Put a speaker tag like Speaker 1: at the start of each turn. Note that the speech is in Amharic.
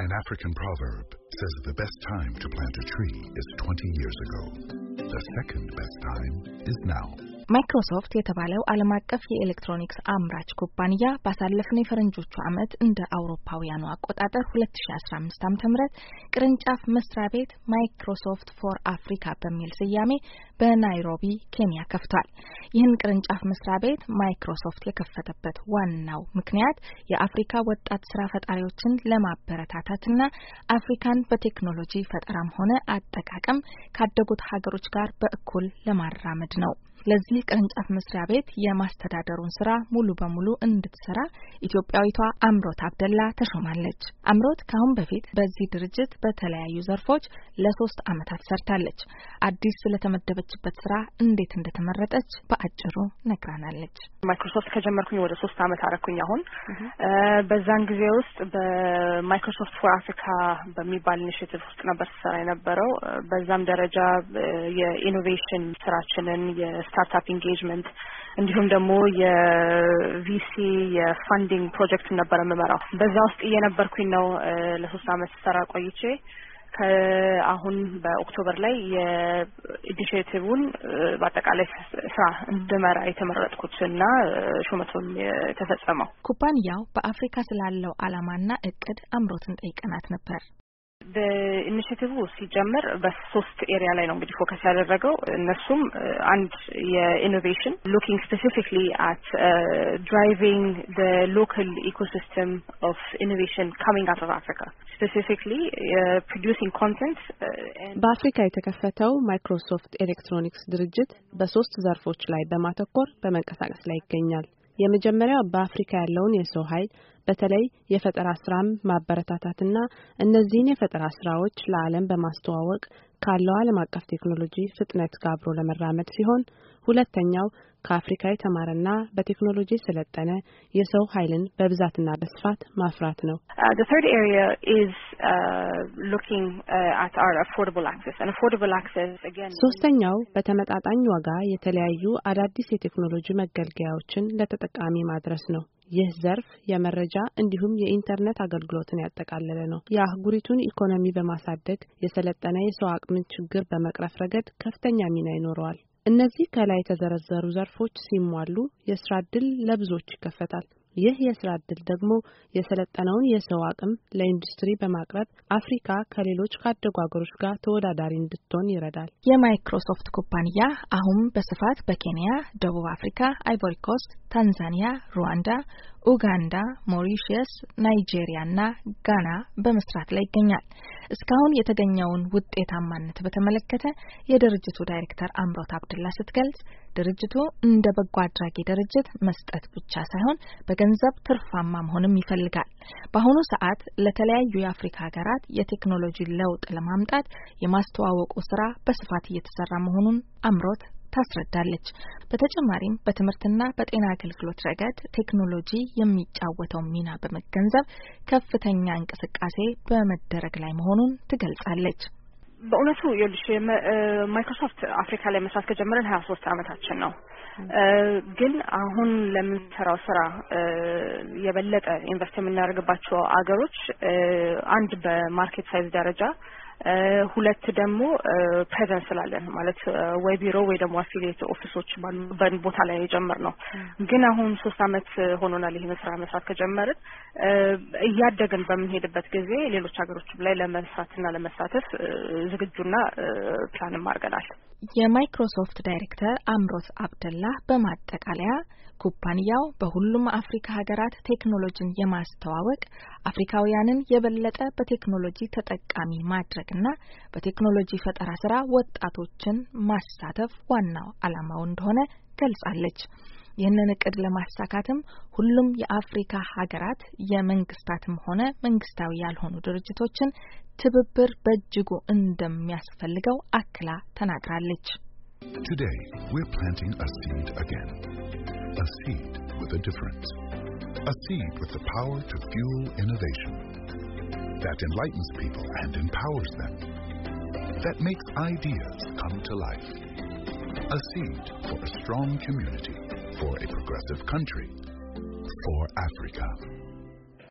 Speaker 1: An African proverb says the best time to plant a tree is 20 years ago. The second best time is now.
Speaker 2: ማይክሮሶፍት የተባለው ዓለም አቀፍ የኤሌክትሮኒክስ አምራች ኩባንያ ባሳለፍነው የፈረንጆቹ ዓመት እንደ አውሮፓውያኑ አቆጣጠር 2015 ዓ.ም ቅርንጫፍ መስሪያ ቤት ማይክሮሶፍት ፎር አፍሪካ በሚል ስያሜ በናይሮቢ ኬንያ ከፍቷል። ይህን ቅርንጫፍ መስሪያ ቤት ማይክሮሶፍት የከፈተበት ዋናው ምክንያት የአፍሪካ ወጣት ስራ ፈጣሪዎችን ለማበረታታትና አፍሪካን በቴክኖሎጂ ፈጠራም ሆነ አጠቃቀም ካደጉት ሀገሮች ጋር በእኩል ለማራመድ ነው። ለዚህ ቅርንጫፍ መስሪያ ቤት የማስተዳደሩን ስራ ሙሉ በሙሉ እንድትሰራ ኢትዮጵያዊቷ አምሮት አብደላ ተሾማለች። አምሮት ከአሁን በፊት በዚህ ድርጅት በተለያዩ ዘርፎች ለሶስት አመታት ሰርታለች። አዲስ
Speaker 3: ስለተመደበችበት ስራ እንዴት እንደተመረጠች በአጭሩ ነግራናለች። ማይክሮሶፍት ከጀመርኩኝ ወደ ሶስት ዓመት አረኩኝ። አሁን በዛን ጊዜ ውስጥ በማይክሮሶፍት ፎር አፍሪካ በሚባል ኢኒሽቲቭ ውስጥ ነበር ስሰራ የነበረው። በዛም ደረጃ የኢኖቬሽን ስራችንን የስታርታፕ ኢንጌጅመንት እንዲሁም ደግሞ የቪሲ የፋንዲንግ ፕሮጀክት ነበር የምመራው። በዛ ውስጥ እየነበርኩኝ ነው ለሶስት አመት ስሰራ ቆይቼ ከአሁን በኦክቶበር ላይ የኢኒሽቲቭን በአጠቃላይ ስራ እንድመራ የተመረጥኩት እና ሹመቱም የተፈጸመው።
Speaker 2: ኩባንያው በአፍሪካ ስላለው አላማና እቅድ አምሮትን ጠይቀናት ነበር።
Speaker 3: በኢኒሽቲቭ ሲጀመር በሶስት ኤሪያ ላይ ነው እንግዲህ ፎከስ ያደረገው። እነሱም አንድ የኢኖቬሽን ሉኪንግ ስፔሲፊክሊ አት ድራይቪንግ ሎካል ኢኮሲስተም ኦፍ ኢኖቬሽን ካሚንግ አውት ኦፍ አፍሪካ ስፔሲፊክሊ ፕሮዲውሲንግ ኮንተንት።
Speaker 1: በአፍሪካ የተከፈተው ማይክሮሶፍት ኤሌክትሮኒክስ ድርጅት በሶስት ዘርፎች ላይ በማተኮር በመንቀሳቀስ ላይ ይገኛል። የመጀመሪያው በአፍሪካ ያለውን የሰው ኃይል በተለይ የፈጠራ ስራም ማበረታታትና እነዚህን የፈጠራ ስራዎች ለዓለም በማስተዋወቅ ካለው ዓለም አቀፍ ቴክኖሎጂ ፍጥነት ጋር አብሮ ለመራመድ ሲሆን ሁለተኛው ከአፍሪካ የተማረና በቴክኖሎጂ የሰለጠነ የሰው ኃይልን በብዛትና በስፋት ማፍራት ነው።
Speaker 3: uh, uh, uh,
Speaker 1: ሶስተኛው በተመጣጣኝ ዋጋ የተለያዩ አዳዲስ የቴክኖሎጂ መገልገያዎችን ለተጠቃሚ ማድረስ ነው። ይህ ዘርፍ የመረጃ እንዲሁም የኢንተርኔት አገልግሎትን ያጠቃለለ ነው። የአህጉሪቱን ኢኮኖሚ በማሳደግ የሰለጠነ የሰው አቅምን ችግር በመቅረፍ ረገድ ከፍተኛ ሚና ይኖረዋል። እነዚህ ከላይ የተዘረዘሩ ዘርፎች ሲሟሉ የስራ እድል ለብዙዎች ይከፈታል። ይህ የስራ እድል ደግሞ የሰለጠነውን የሰው አቅም ለኢንዱስትሪ በማቅረብ አፍሪካ ከሌሎች ካደጉ አገሮች ጋር ተወዳዳሪ እንድትሆን ይረዳል።
Speaker 2: የማይክሮሶፍት ኩባንያ አሁን በስፋት በኬንያ፣ ደቡብ አፍሪካ፣ አይቮሪኮስት፣ ታንዛኒያ፣ ሩዋንዳ፣ ኡጋንዳ፣ ሞሪሽስ ናይጄሪያ እና ጋና በመስራት ላይ ይገኛል። እስካሁን የተገኘውን ውጤታማነት በተመለከተ የድርጅቱ ዳይሬክተር አምሮት አብድላ ስትገልጽ ድርጅቱ እንደ በጎ አድራጊ ድርጅት መስጠት ብቻ ሳይሆን በገንዘብ ትርፋማ መሆንም ይፈልጋል። በአሁኑ ሰዓት ለተለያዩ የአፍሪካ ሀገራት የቴክኖሎጂ ለውጥ ለማምጣት የማስተዋወቁ ስራ በስፋት እየተሰራ መሆኑን አምሮት ታስረዳለች። በተጨማሪም በትምህርትና በጤና አገልግሎት ረገድ ቴክኖሎጂ የሚጫወተው ሚና በመገንዘብ ከፍተኛ እንቅስቃሴ በመደረግ ላይ መሆኑን ትገልጻለች።
Speaker 3: በእውነቱ ይኸውልሽ ማይክሮሶፍት አፍሪካ ላይ መስራት ከጀመረን ሀያ ሶስት አመታችን ነው። ግን አሁን ለምንሰራው ስራ የበለጠ ኢንቨስት የምናደርግባቸው አገሮች አንድ በማርኬት ሳይዝ ደረጃ ሁለት ደግሞ ፕሬዘንት ስላለን ማለት ወይ ቢሮ ወይ ደግሞ አፊሊየት ኦፊሶች ቦታ ላይ የጀመር ነው። ግን አሁን ሶስት አመት ሆኖናል ይህን ስራ መስራት ከጀመርን። እያደግን በምንሄድበት ጊዜ ሌሎች ሀገሮችም ላይ ለመስራትና ለመሳተፍ ዝግጁና ፕላንም አድርገናል።
Speaker 2: የማይክሮሶፍት ዳይሬክተር አምሮት አብደላ በማጠቃለያ ኩባንያው በሁሉም አፍሪካ ሀገራት ቴክኖሎጂን የማስተዋወቅ አፍሪካውያንን የበለጠ በቴክኖሎጂ ተጠቃሚ ማድረግና በቴክኖሎጂ ፈጠራ ስራ ወጣቶችን ማሳተፍ ዋናው ዓላማው እንደሆነ ገልጻለች። ይህንን እቅድ ለማሳካትም ሁሉም የአፍሪካ ሀገራት የመንግስታትም ሆነ መንግስታዊ ያልሆኑ ድርጅቶችን ትብብር በእጅጉ እንደሚያስፈልገው አክላ ተናግራለች።
Speaker 1: Today, we're planting a seed again. A seed with a difference. A seed with the power to fuel innovation. That enlightens people and empowers them. That makes ideas come to life. A seed for a strong community, for a progressive country,
Speaker 2: for Africa.